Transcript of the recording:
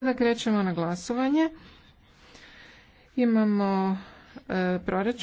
Sada krećemo na glasovanje. Imamo e, proračun.